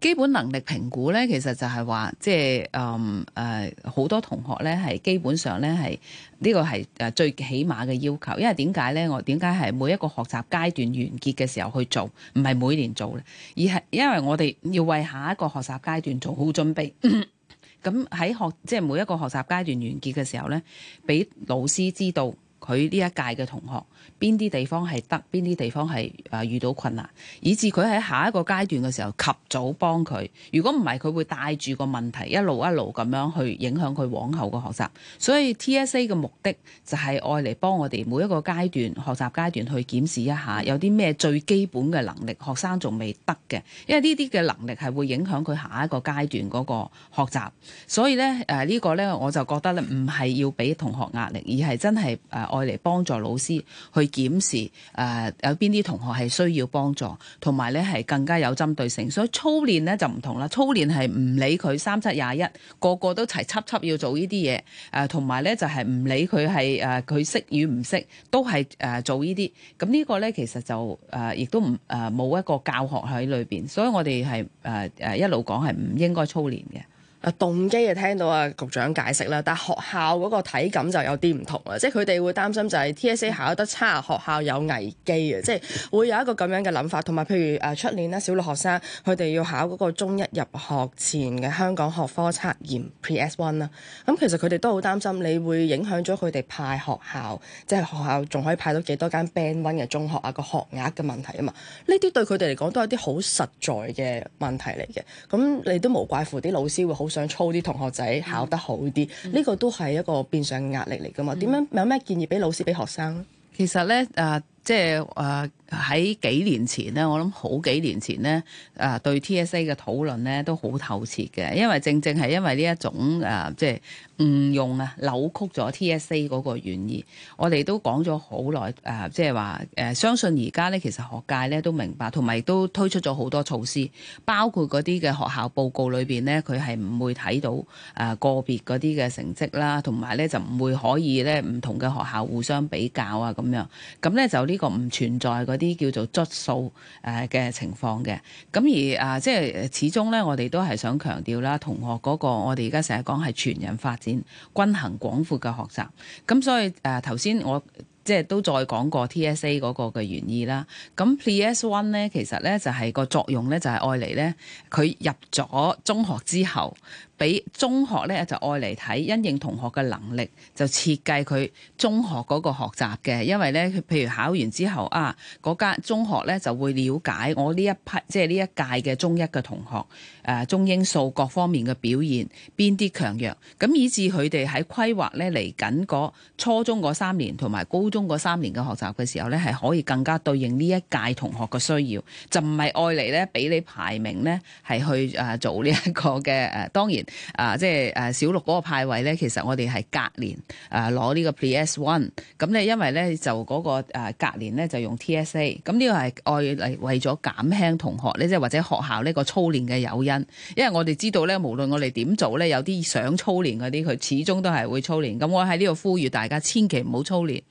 基本能力評估咧其實就係話即係誒誒好多同學咧係基本上咧係呢個係誒最起碼嘅要求，因為點解咧我點解係每一個學習階段完結嘅時候去做，唔係每年做咧，而係因為我哋要為下一個學習階段做好準備.。 咁喺學，即係每一個學習階段完結嘅時候咧，俾老師知道佢呢一屆嘅同學。邊啲地方係得，邊啲地方係啊遇到困難，以致佢喺下一個階段嘅時候及早幫佢。如果唔係，佢會帶住個問題一路一路咁樣去影響佢往後嘅學習。所以 TSA 嘅目的就係愛嚟幫我哋每一個階段、學習階段去檢視一下有啲咩最基本嘅能力，學生仲未得嘅，因為呢啲嘅能力係會影響佢下一個階段嗰個學習。所以咧誒、呃這個、呢個咧我就覺得咧唔係要俾同學壓力，而係真係誒愛嚟幫助老師。去檢視誒、呃、有邊啲同學係需要幫助，同埋咧係更加有針對性。所以操練咧就唔同啦。操練係唔理佢三七廿一個個都齊輯輯要做、呃、呢啲嘢誒，同埋咧就係、是、唔理佢係誒佢識與唔識都係誒、呃、做呢啲。咁呢個咧其實就誒亦、呃、都唔誒冇一個教學喺裏邊，所以我哋係誒誒一路講係唔應該操練嘅。啊動機啊聽到啊局長解釋啦，但係學校嗰個體感就有啲唔同啊，即係佢哋會擔心就係 TSA 考得差，學校有危機啊，即係會有一個咁樣嘅諗法，同埋譬如誒出年咧小六學生佢哋要考嗰個中一入學前嘅香港學科測驗 Pre-S1 啦，咁其實佢哋都好擔心你會影響咗佢哋派學校，即係學校仲可以派到幾多間 Band One 嘅中學啊，個學額嘅問題啊嘛，呢啲對佢哋嚟講都係一啲好實在嘅問題嚟嘅，咁你都無怪乎啲老師會好。想操啲同學仔考得好啲，呢個都係一個變相壓力嚟㗎嘛？點樣有咩建議俾老師、俾學生咧？其實呢，誒、呃，即係誒。呃喺幾年前咧，我諗好幾年前咧，誒對 TSA 嘅討論咧都好透徹嘅，因為正正係因為呢一種誒、呃、即係誤用啊，扭曲咗 TSA 嗰個原意，我哋都講咗好耐誒即係話誒相信而家咧其實學界咧都明白，同埋都推出咗好多措施，包括嗰啲嘅學校報告裏邊咧，佢係唔會睇到誒、呃、個別嗰啲嘅成績啦，同埋咧就唔會可以咧唔同嘅學校互相比較啊咁樣，咁咧就呢個唔存在個。啲叫做質素誒嘅情況嘅，咁而啊，即、呃、係始終咧，我哋都係想強調啦，同學嗰、那個我哋而家成日講係全人發展、均衡、廣闊嘅學習。咁所以誒，頭、呃、先我即係都再講過 TSA 嗰個嘅原意啦。咁 PS One 咧，其實咧就係、是、個作用咧，就係愛嚟咧，佢入咗中學之後。俾中學咧就愛嚟睇，因應同學嘅能力就設計佢中學嗰個學習嘅，因為咧譬如考完之後啊，嗰間中學咧就會了解我呢一批即係呢一屆嘅中一嘅同學，誒、啊、中英數各方面嘅表現邊啲強弱，咁以至佢哋喺規劃咧嚟緊嗰初中嗰三年同埋高中嗰三年嘅學習嘅時候咧，係可以更加對應呢一屆同學嘅需要，就唔係愛嚟咧俾你排名咧係去誒、啊、做呢一個嘅誒、啊，當然。啊，即係誒，小六嗰個派位咧，其實我哋係隔年誒攞呢個 P.S. One，咁咧因為咧就嗰個誒隔年咧就用 T.S.A.，咁、啊、呢個係愛嚟為咗減輕同學咧即係或者學校呢個操練嘅誘因，因為我哋知道咧無論我哋點做咧有啲想操練嗰啲佢始終都係會操練，咁、啊、我喺呢度呼籲大家千祈唔好操練。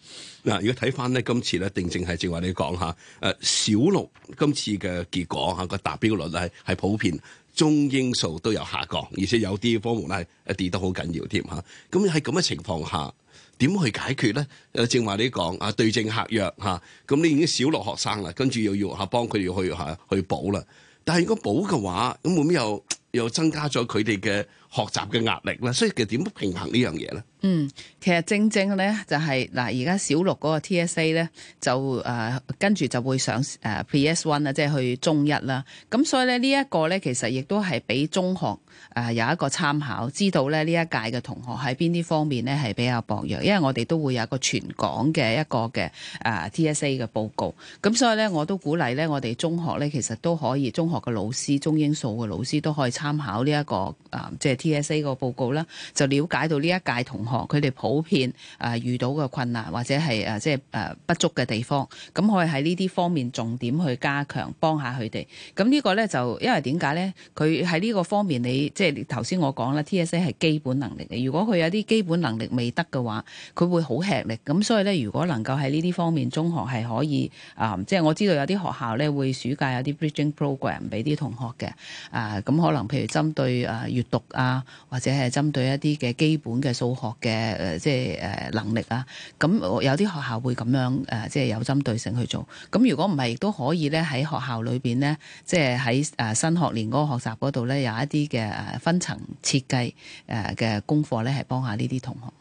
嗱、啊，如果睇翻咧今次咧定，正係正話你講下。誒、啊，小六今次嘅結果吓、啊、個達標率係係普遍。中英數都有下降，而且有啲科目咧跌得好緊要添嚇。咁喺咁嘅情況下，點去解決咧？誒、啊，正話你講啊，對症下藥嚇。咁、啊嗯、你已經少落學生啦，跟住又要嚇幫佢要去嚇、啊、去補啦。但係如果補嘅話，咁會唔會又又增加咗佢哋嘅學習嘅壓力咧？所以其實點平衡呢樣嘢咧？嗯，其實正正咧就係、是、嗱，而家小六嗰個 TSA 咧就誒、呃、跟住就會上誒 PS One 啊，呃、1, 即係去中一啦。咁所以咧呢一、這個咧其實亦都係俾中學誒、呃、有一個參考，知道咧呢一屆嘅同學喺邊啲方面咧係比較薄弱，因為我哋都會有一個全港嘅一個嘅誒、呃、TSA 嘅報告。咁所以咧我都鼓勵咧我哋中學咧其實都可以，中學嘅老師、中英數嘅老師都可以參考呢、這、一個誒即、呃、係、就是、TSA 個報告啦，就了解到呢一屆同。佢哋普遍啊遇到嘅困難或者係啊即係誒不足嘅地方，咁可以喺呢啲方面重點去加強幫下佢哋。咁呢個咧就因為點解咧？佢喺呢個方面你即係頭先我講啦 TSA 係基本能力嘅。如果佢有啲基本能力未得嘅話，佢會好吃力。咁所以咧，如果能夠喺呢啲方面，中學係可以啊，即、呃、係、就是、我知道有啲學校咧會暑假有啲 bridging program 俾啲同學嘅啊。咁、呃、可能譬如針對誒閱讀啊，或者係針對一啲嘅基本嘅數學。嘅，即係誒能力啊，咁有啲學校會咁樣誒，即係有針對性去做。咁如果唔係，亦都可以咧喺學校裏邊咧，即係喺誒新學年嗰個學習嗰度咧，有一啲嘅誒分層設計誒嘅功課咧，係幫下呢啲同學。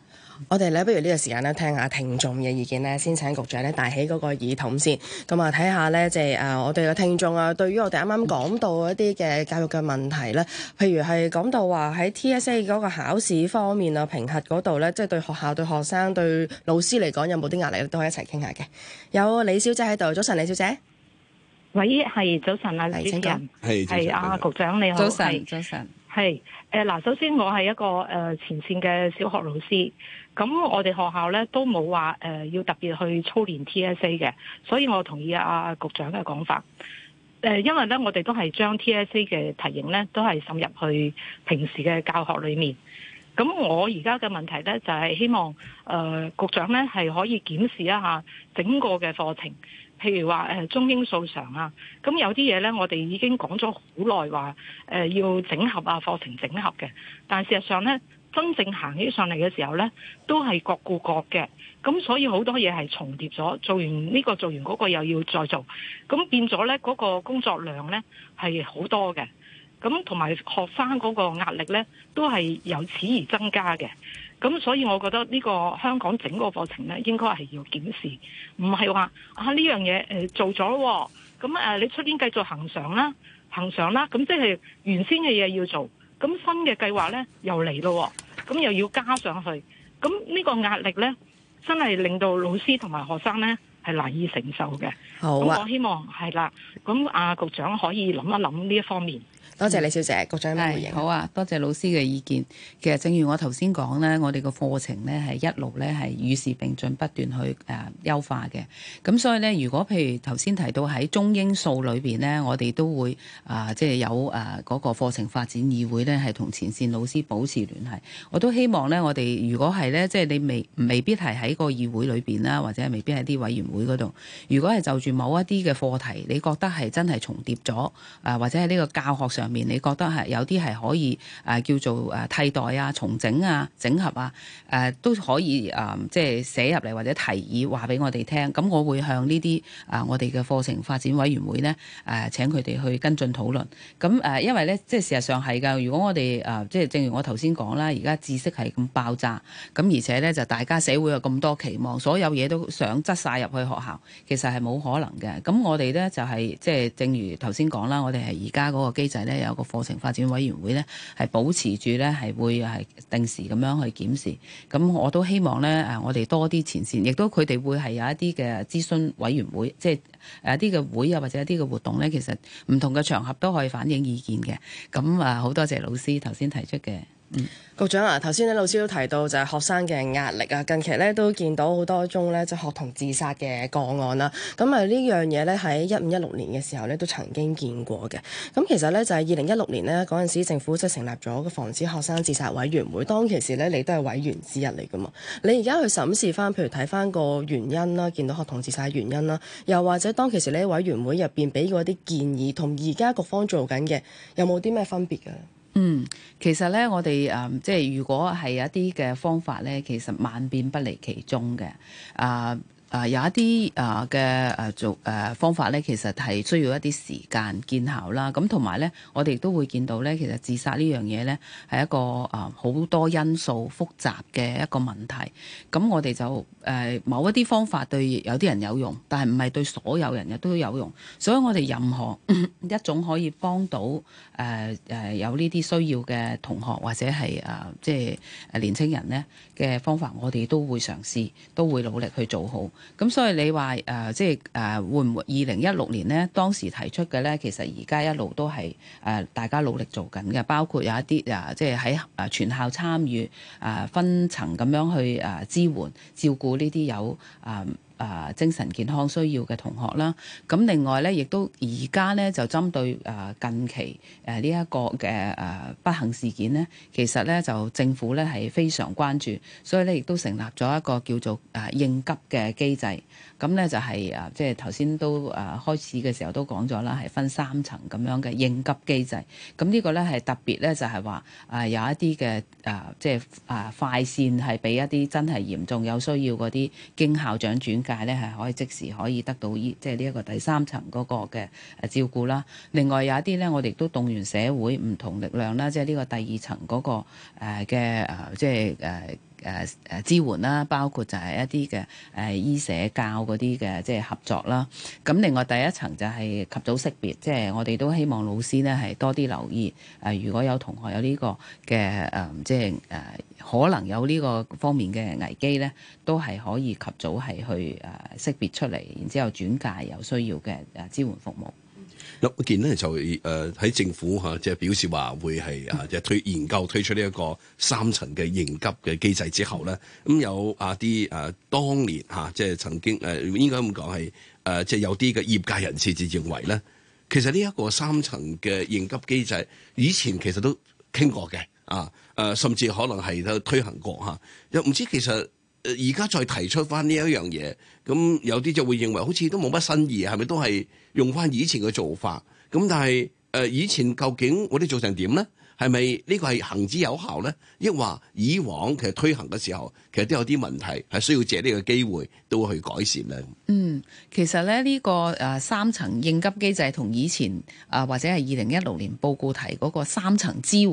我哋咧，不如呢個時間咧，聽下聽眾嘅意見咧，先請局長咧，帶起嗰個耳筒先，咁啊，睇下咧，即係誒，我哋嘅聽眾啊，對於我哋啱啱講到一啲嘅教育嘅問題咧，譬如係講到話喺 TSA 嗰個考試方面啊，評核嗰度咧，即係對學校、對學生、對老師嚟講有冇啲壓力都可以一齊傾下嘅。有李小姐喺度，早晨，李小姐，喂，係早晨啊，李主任，係係啊，局長你好，早晨，早晨，係誒，嗱，啊，首先我係一個誒前線嘅小學老師。咁我哋學校咧都冇話誒要特別去操練 TSA 嘅，所以我同意啊，局長嘅講法。誒、呃，因為咧我哋都係將 TSA 嘅題型咧都係滲入去平時嘅教學裡面。咁我而家嘅問題咧就係、是、希望誒、呃、局長咧係可以檢視一下整個嘅課程，譬如話誒、呃、中英數常啊，咁有啲嘢咧我哋已經講咗好耐話誒要整合啊，課程整合嘅，但事實上咧，真正行起上嚟嘅時候呢，都係各顧各嘅，咁所以好多嘢係重疊咗，做完呢個做完嗰個又要再做，咁變咗呢嗰、嗰個工作量呢，係好多嘅，咁同埋學生嗰個壓力呢，都係由此而增加嘅，咁所以我覺得呢個香港整個課程呢，應該係要檢視，唔係話啊呢樣嘢誒做咗、哦，咁誒你出年繼續行上啦，行上啦，咁即係原先嘅嘢要做。咁新嘅計劃呢又嚟咯、哦，咁又要加上去，咁呢個壓力呢，真係令到老師同埋學生呢係難以承受嘅。好、啊、我希望係啦，咁阿、啊、局長可以諗一諗呢一方面。多謝李小姐，局長嘅回應。好啊，多謝老師嘅意見。其實正如我頭先講咧，我哋個課程咧係一路咧係與時並進，不斷去誒優化嘅。咁所以咧，如果譬如頭先提到喺中英數裏邊咧，我哋都會啊，即係，呃，有誒嗰個課程發展議會咧，係同前線老師保持聯繫。我都希望咧，我哋如果係咧，即係你未未必係喺個議會裏邊啦，或者係未必係啲委員會嗰度。如果係就住某一啲嘅課題，你覺得係真係重疊咗啊，或者係呢個教學上面你覺得係有啲係可以誒叫做誒替代啊、重整啊、整合啊誒都可以誒，即係寫入嚟或者提議話俾我哋聽，咁我會向呢啲誒我哋嘅課程發展委員會咧誒、啊、請佢哋去跟進討論，咁誒因為咧即係事實上係噶，如果我哋誒、啊、即係正如我頭先講啦，而家知識係咁爆炸，咁而且咧就大家社會有咁多期望，所有嘢都想擠晒入去學校，其實係冇可能嘅。咁我哋咧就係、是、即係正如頭先講啦，我哋係而家嗰個機制。咧有個課程發展委員會咧，係保持住咧係會係定時咁樣去檢視。咁我都希望咧誒，我哋多啲前線，亦都佢哋會係有一啲嘅諮詢委員會，即係誒一啲嘅會啊，或者一啲嘅活動咧，其實唔同嘅場合都可以反映意見嘅。咁啊，好多謝老師頭先提出嘅。嗯、局長啊，頭先咧老師都提到就係學生嘅壓力啊，近期咧都見到好多宗咧即係學童自殺嘅個案啦，啊。咁啊呢樣嘢咧喺一五一六年嘅時候咧都曾經見過嘅。咁、嗯、其實咧就係二零一六年呢嗰陣時政府即係成立咗個防止學生自殺委員會，當其時咧你都係委員之一嚟噶嘛。你而家去審視翻，譬如睇翻個原因啦，見到學童自殺嘅原因啦，又或者當其時呢委員會入邊俾過一啲建議，同而家局方做緊嘅有冇啲咩分別噶？嗯，其實咧，我哋誒、呃、即係如果係有一啲嘅方法咧，其實萬變不離其宗嘅啊。呃啊、呃，有一啲啊嘅誒做誒、呃、方法咧，其實係需要一啲時間見效啦。咁同埋咧，我哋都會見到咧，其實自殺呢樣嘢咧係一個啊好、呃、多因素複雜嘅一個問題。咁、嗯、我哋就誒、呃、某一啲方法對有啲人有用，但係唔係對所有人嘅都有用。所以我哋任何一種可以幫到誒誒、呃呃、有呢啲需要嘅同學或者係啊即係誒年輕人咧嘅方法，我哋都會嘗試，都會努力去做好。咁所以你話誒，即係誒會唔會二零一六年咧？當時提出嘅咧，其實而家一路都係誒、呃、大家努力做緊嘅，包括有一啲啊，即係喺誒全校參與誒分層咁樣去誒、呃、支援照顧呢啲有誒。呃誒、啊、精神健康需要嘅同學啦，咁另外咧，亦都而家咧就針對誒近期誒呢一個嘅誒不幸事件咧，其實咧就政府咧係非常關注，所以咧亦都成立咗一個叫做誒應急嘅機制。咁、嗯、咧就係、是、誒，即係頭先都誒、啊、開始嘅時候都講咗啦，係分三層咁樣嘅應急機制。咁、嗯、呢個咧係特別咧就係話誒有一啲嘅誒即係誒快線係俾一啲真係嚴重有需要嗰啲經校長轉。界咧係可以即時可以得到依即係呢一個第三層嗰個嘅誒照顧啦。另外有一啲咧，我哋亦都動員社會唔同力量啦，即係呢個第二層嗰、嗰個嘅誒、啊啊，即係誒。啊誒誒支援啦，包括就係一啲嘅誒醫社教嗰啲嘅即係合作啦。咁另外第一層就係及早識別，即係我哋都希望老師呢係多啲留意誒。如果有同學有呢個嘅誒，即係誒可能有呢個方面嘅危機呢，都係可以及早係去誒識別出嚟，然之後轉介有需要嘅誒支援服務。我見咧就誒喺政府嚇，即係表示話會係啊，即係推研究推出呢一個三層嘅應急嘅機制之後咧，咁有啊啲誒當年嚇、啊，即係曾經誒、呃、應該咁講係誒，即係有啲嘅業界人士自認為咧，其實呢一個三層嘅應急機制以前其實都傾過嘅啊，誒甚至可能係都推行過嚇，又、啊、唔知其實。而家再提出翻呢一樣嘢，咁有啲就會認為好似都冇乜新意，係咪都係用翻以前嘅做法？咁但係誒、呃，以前究竟我哋做成點咧？係咪呢個係行之有效呢？抑或以往其實推行嘅時候，其實都有啲問題，係需要借呢個機會都去改善呢？嗯，其實咧呢個誒三層應急機制同以前誒或者係二零一六年報告提嗰個三層支援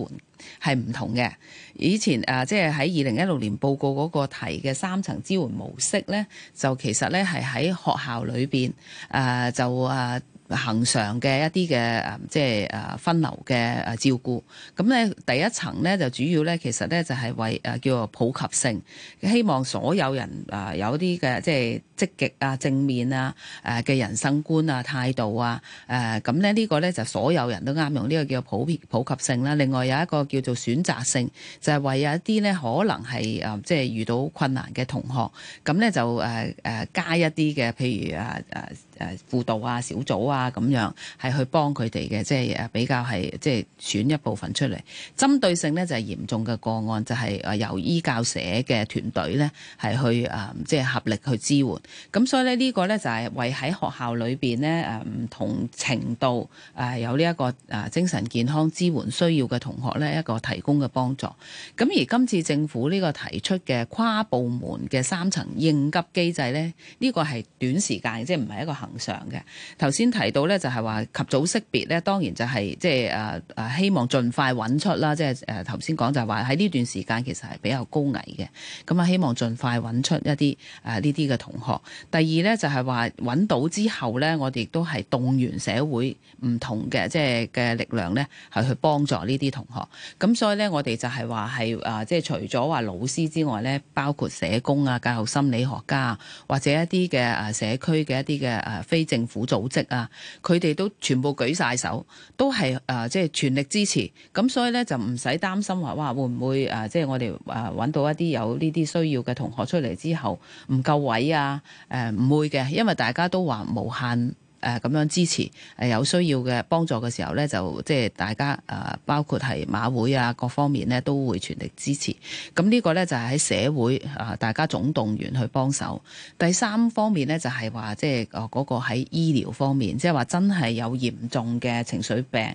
係唔同嘅。以前誒即係喺二零一六年報告嗰個提嘅三層支援模式呢，就其實呢係喺學校裏邊誒就誒。恒常嘅一啲嘅，即係誒分流嘅誒照顧。咁咧第一層咧就主要咧，其實咧就係、是、為誒叫做普及性，希望所有人啊有啲嘅即係。積極啊、正面啊、誒嘅人生觀啊、態度啊、誒咁咧呢、呢個咧就是、所有人都啱用呢、呢個叫普遍普及性啦、啊。另外有一個叫做選擇性，就係、是、為有一啲咧可能係誒、呃、即係遇到困難嘅同學，咁咧就誒誒加一啲嘅，譬如啊啊誒輔導啊小組啊咁樣，係去幫佢哋嘅，即係誒比較係即係選一部分出嚟。針對性咧就係、是、嚴重嘅個案，就係、是、誒由醫教社嘅團隊咧係去誒、呃、即係合力去支援。咁所以咧，呢個咧就係為喺學校裏邊呢，誒唔同程度誒有呢一個誒精神健康支援需要嘅同學咧一個提供嘅幫助。咁而今次政府呢個提出嘅跨部門嘅三層應急機制咧，呢個係短時間，即係唔係一個恒常嘅。頭先提到咧就係話及早識別咧，當然就係即係誒誒希望盡快揾出啦。即係誒頭先講就係話喺呢段時間其實係比較高危嘅，咁啊希望盡快揾出一啲誒呢啲嘅同學。第二咧就係話揾到之後咧，我哋亦都係動員社會唔同嘅，即係嘅力量咧，係去幫助呢啲同學。咁所以咧，我哋就係話係啊，即係除咗話老師之外咧，包括社工啊、教育心理學家或者一啲嘅啊社區嘅一啲嘅啊非政府組織啊，佢哋都全部舉晒手，都係啊即係全力支持。咁所以咧就唔使擔心話哇會唔會啊即係我哋啊揾到一啲有呢啲需要嘅同學出嚟之後唔夠位啊？誒，唔會嘅，因為大家都話無限誒咁樣支持，誒有需要嘅幫助嘅時候咧，就即係、就是、大家誒包括係馬會啊，各方面咧都會全力支持。咁、這、呢個咧就係喺社會啊，大家總動員去幫手。第三方面咧就係話，即係啊嗰個喺醫療方面，即係話真係有嚴重嘅情緒病，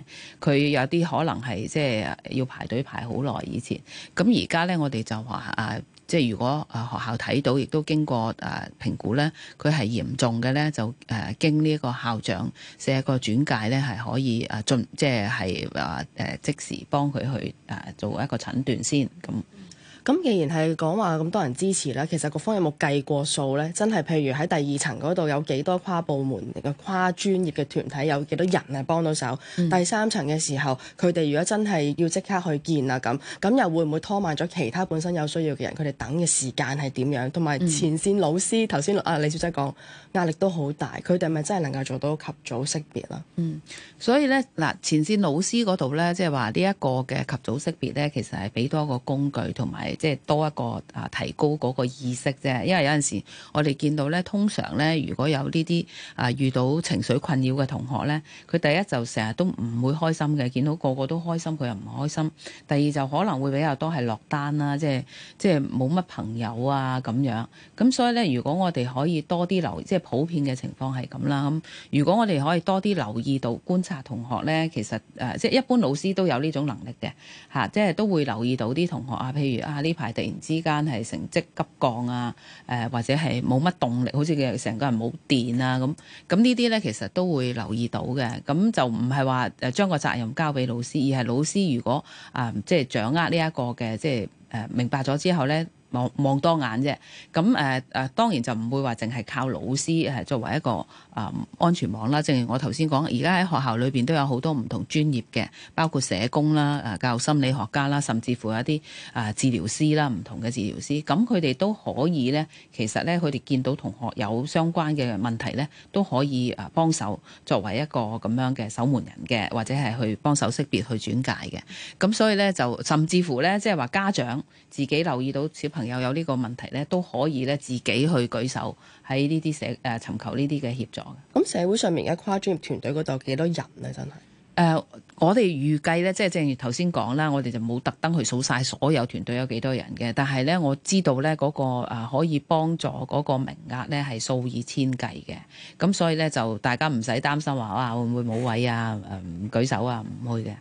佢有啲可能係即係要排隊排好耐以前。咁而家咧，我哋就話啊。即係如果誒學校睇到，亦都經過誒評估咧，佢係嚴重嘅咧，就誒經呢一個校長寫個轉介咧，係可以誒進，即係係話誒即時幫佢去誒做一個診斷先咁。咁既然係講話咁多人支持啦，其實各方有冇計過數咧？真係譬如喺第二層嗰度有幾多跨部門嘅跨專業嘅團體有幾多人係幫到手？嗯、第三層嘅時候，佢哋如果真係要即刻去見啊咁，咁又會唔會拖慢咗其他本身有需要嘅人？佢哋等嘅時間係點樣？同埋前綫老師頭先、嗯、啊李小姐講壓力都好大，佢哋咪真係能夠做到及早識別啦？嗯，所以咧嗱，前綫老師嗰度咧，即係話呢一個嘅及早識別咧，其實係俾多個工具同埋。即係多一個啊，提高嗰個意識啫。因為有陣時我哋見到咧，通常咧如果有呢啲啊遇到情緒困擾嘅同學咧，佢第一就成日都唔會開心嘅，見到個個都開心佢又唔開心。第二就可能會比較多係落單啦，即係即係冇乜朋友啊咁樣。咁所以咧，如果我哋可以多啲留，即係普遍嘅情況係咁啦。咁如果我哋可以多啲留意到觀察同學咧，其實誒即係一般老師都有呢種能力嘅吓，即係都會留意到啲同學啊，譬如啊。呢排突然之間係成績急降啊，誒、呃、或者係冇乜動力，好似佢成個人冇電啊咁，咁呢啲咧其實都會留意到嘅，咁就唔係話誒將個責任交俾老師，而係老師如果啊、呃、即係掌握呢一個嘅即係誒、呃、明白咗之後咧。望望多眼啫，咁誒誒，當然就唔會話淨係靠老師誒作為一個啊、呃、安全網啦。正如我頭先講，而家喺學校裏邊都有好多唔同專業嘅，包括社工啦、誒、呃、教育心理學家啦，甚至乎一啲誒、呃、治療師啦，唔同嘅治療師，咁佢哋都可以咧，其實咧佢哋見到同學有相關嘅問題咧，都可以誒幫手作為一個咁樣嘅守門人嘅，或者係去幫手識別去轉介嘅。咁所以咧就甚至乎咧即係話家長自己留意到小朋友朋友有呢個問題咧，都可以咧自己去舉手，喺呢啲社誒、呃、尋求呢啲嘅協助咁、嗯、社會上面嘅跨專業團隊嗰度有幾多人咧？真係誒，我哋預計咧，即係正如頭先講啦，我哋就冇特登去數晒所有團隊有幾多人嘅。但係咧，我知道咧嗰、那個、呃、可以幫助嗰個名額咧係數以千計嘅。咁所以咧就大家唔使擔心話哇、啊、會唔會冇位啊，誒唔舉手啊，唔會嘅。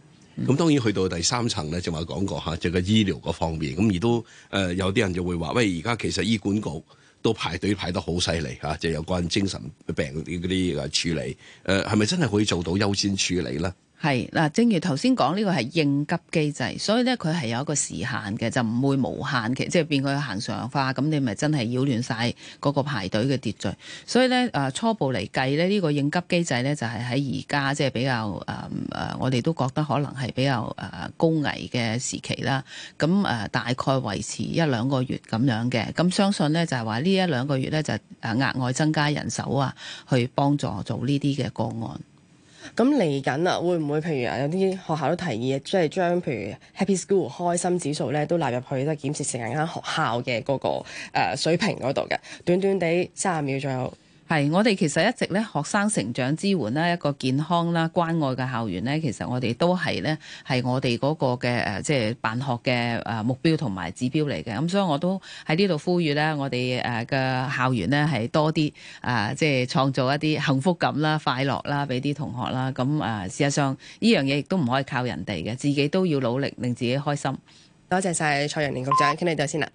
咁、嗯、當然去到第三層咧，就話講過嚇，就係醫療嗰方面，咁而都、呃、有啲人就會話，「喂而家其實醫管局都排隊排得好犀利嚇，就、有關精神病嗰啲處理，誒係咪真係可以做到優先處理呢？」係嗱，正如頭先講，呢、這個係應急機制，所以咧佢係有一個時限嘅，就唔會無限期，即、就、係、是、變佢恆常化，咁你咪真係擾亂晒嗰個排隊嘅秩序。所以咧，誒初步嚟計咧，呢、這個應急機制咧就係喺而家即係比較誒誒、呃，我哋都覺得可能係比較誒高危嘅時期啦。咁誒大概維持一兩個月咁樣嘅，咁相信咧就係話呢一兩個月咧就誒額外增加人手啊，去幫助做呢啲嘅個案。咁嚟緊啦，會唔會譬如啊，有啲學校都提議，即係將譬如 Happy School 開心指數咧，都納入去即係檢視成間間學校嘅嗰個誒水平嗰度嘅？短短地三十秒左右。係，我哋其實一直咧學生成長支援啦，一個健康啦關愛嘅校園咧，其實我哋都係咧係我哋嗰個嘅誒，即、呃、係、就是、辦學嘅誒目標同埋指標嚟嘅。咁、嗯、所以我都喺呢度呼籲咧，我哋誒嘅校園咧係多啲啊，即、呃、係、就是、創造一啲幸福感啦、快樂啦，俾啲同學啦。咁、嗯、啊，事實上呢樣嘢亦都唔可以靠人哋嘅，自己都要努力令自己開心。多謝晒蔡若蓮局長，傾你到先啦。